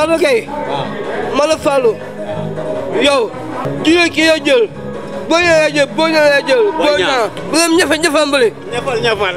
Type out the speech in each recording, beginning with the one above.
Fallou Gueye man ak Fallou yow ki yow ki yow jël boo ñëwee jël boo ñëwee jël boo ñëwee bu leen ñafe ñafal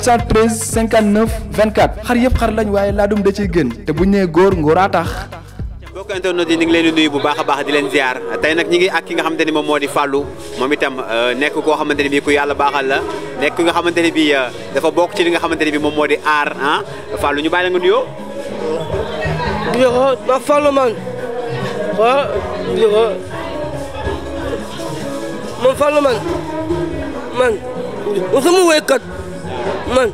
713 59 24 xar yëpp xar lañ waaye laadum da ciy gën te bu ñu nee góor ngóoraa tax. mbokk internet yi bu baax a baax di leen tey nag ñi ngi ak ki nga xamante ni moom moo di Fallou moom itam euh, nekk koo xamante ni bii yàlla baaxal la nekk ki xamante ni bii euh, dafa bokk ci li nga xamante ni bi moom moo di aar ah Fallou ñu bàyyi la nga nuyoo. ma ba Fallou man waaw nuyoo man Fallou man man sama man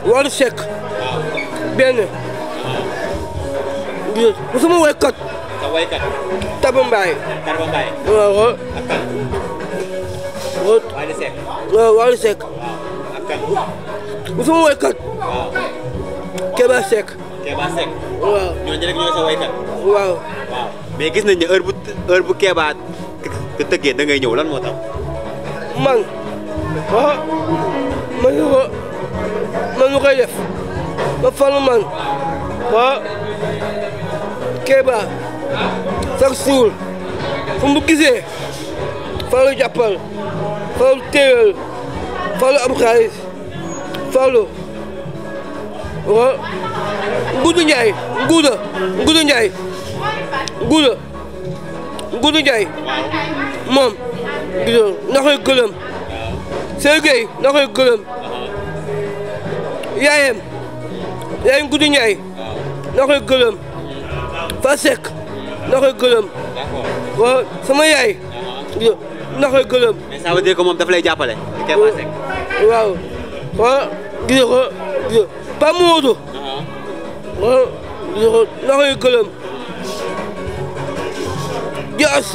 Wally Seck benn bu sama waykat sa waykat Taba Mbaye Taba Mbaye waaw ak kan Wally Seck waaw Wally Seck ak kan bu sama gis nañ ne heure bu heure bu Keba te tëggee ñëw lan moo tax man ah man ñu ko man ñu koy def ba Fallou man ah Kéba sax gisee Fallou jàppal Fallou téyal Fallou am xaalis Fallou waaw ah, Nguuda Ndiaye Nguuda Nguuda Ndiaye Nguuda Nguuda moom gis nga gëlëm. Seydou Gueye na koy gërëm yaayam yaayam guddi ñaay na koy gërëm Fasek na koy gërëm waaw sama yaay na koy gërëm. mais ça veut dire que moom daf jàppale. na uh-huh. koy gërëm Dias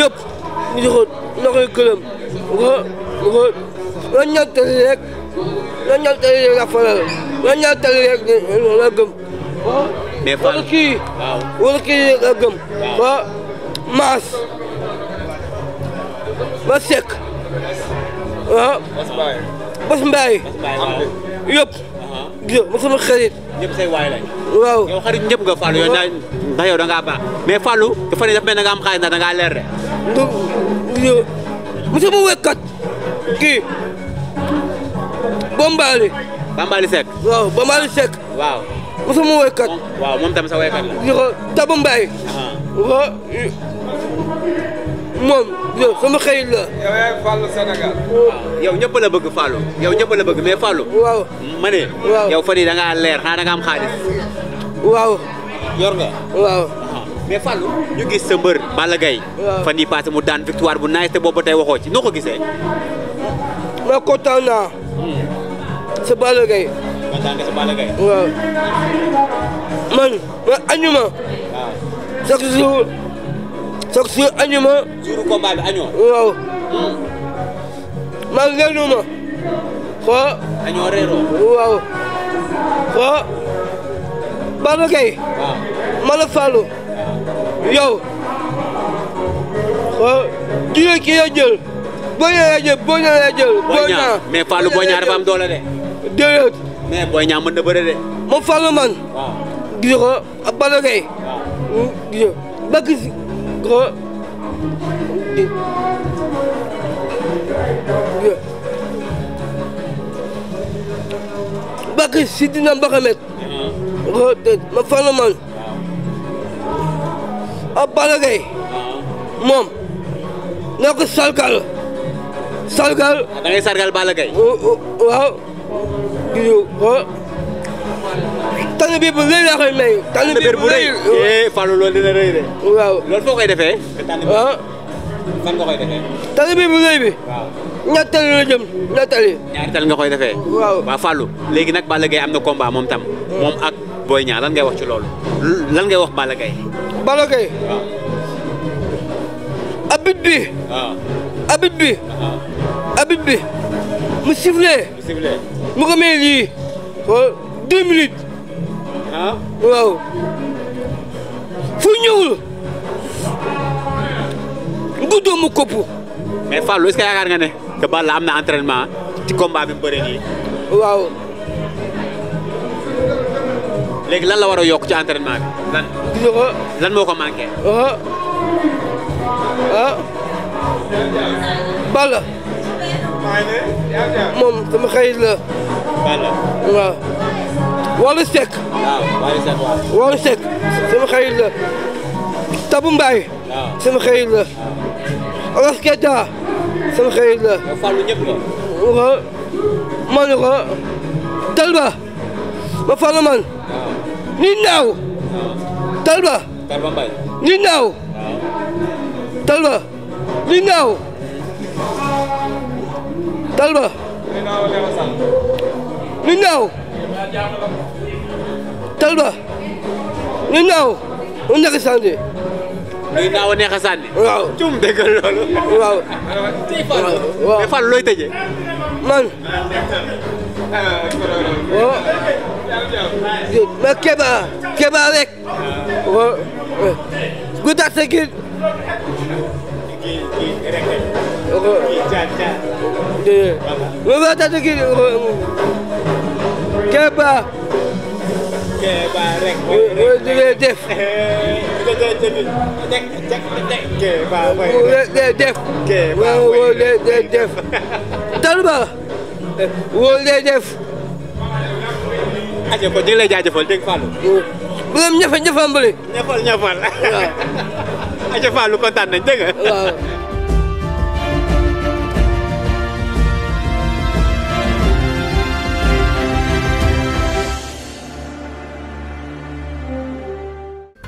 yëpp gis na koy gërëm waaw. lan ñoo tëri rek lan ñoo tëri rek la faral lan ñoo tëri rek la gëm. mais Fall wala kii. waaw wala kii la gëm. ba maas ba sekk waaw. bas mbaay yëpp. gis uh-huh. nga sama xarit. ñëpp say waay lañ. waaw yow xarit ñëpp nga Fallou yow daañu ndax yow da ngaa baax mais Fallou dafa ne dafa mel ne da ngaa am xaalis ndax da ngaa leer de. du du mosuma wékkat. kii Bombali. Bambali Seck. waaw Bambali Seck. waaw. mu sama woykat. waaw moom tam sa woykat la. ñu ko Taba uh-huh. moom yow sama xarit la. yow yaay Fallou Sénégal. yow ñëpp la bëgg Fallou. yow ñëpp la bëgg mais Fallou. waaw ma ne. waaw xanaa da am xaalis. waaw. yor nga. waaw. Uh-huh. mais Fallou ñu gis sa mbër Balla Gaye. waaw mu daan victoire bu naaj te boobu ba tey waxoo ci noo ko gisee. waaw kontaan naa. sa Balla Gaye. kontaan nga sa Balla Gaye. waaw. man man ma. waaw ma. jour combat hmm. ma. xoo. xoo. Balla Gaye. waaw xoo. kii la kii la boo ñëwee jël boo ñëwee jël. boo ñaa mais Fallou boo ñaa de. déedéet. mais boo ñaa mën na de. moom Fallou man. waaw gis ko Balla Gaye. waaw hmm, gis ko ba gis ko. ba gis si dina ma Fallou man. waaw ak Balla uh-huh. na ko salkal sargal. da ngay sargal Balla waaw. tànn biir bu rëy laa koy may. tànn biir bu rëy eh Fallou loolu dina rëy de. waaw loolu foo koy defee. ah. fan nga koy defee. tànn biir bu rëy bi. tali la jëm ñaar tali. ñaar tali nga koy defee. waaw nag Balla Gaye am na combat moom tam. moom ak Boy Niang lan ngay wax ci loolu. lan ngay wax Balla Gaye. Balla Gaye. waaw. abit arbitre bi mu sifflé. mu sifflé mu lii oh, deux minutes. ah waaw fu ñëwul bu doomu kopp. mais Fallou est-ce que nga ne que Balla am na entraînement ci combat bi mu bëri nii. waaw. léegi lan la war a yokk ci entraînement bi lan. gis lan moo ko manqué. ah moom sama xarit la. waaw. Wally Seck. waaw Wally Seck la. Tabu Mbaye. sama xarit la. Olas Keita sama xarit la. Fallou ñëpp la. Talba ma Fallou man. ni naaw. Talba. Talba Mbaye. Talba ni Talba ñu ñaaw Talba ñu ñaaw ñu ñàkk sànni ñu naaw neex a waaw cum dégg loolu waaw waaw mais Fall looy man waaw mais Kéba Kéba rek waaw guddaat Roberta de Guilherme. Keba. Keba rek. Mooy jugee def. Keba mooy def. Keba mooy def. Talba. Wóor lay def. aja ko ñu lay jaajëfal dégg nga ñafal mbële. ñafal ñafal. Aïcha Fall lu kontaan nañ dégg nga.